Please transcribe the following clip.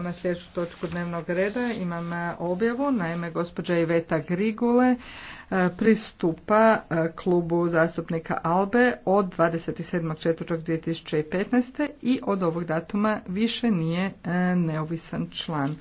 na sljedeću točku dnevnog reda imam e, objavu. Naime, gospođa Iveta Grigule e, pristupa e, klubu zastupnika Albe od 27.4.2015. i od ovog datuma više nije neovisan član.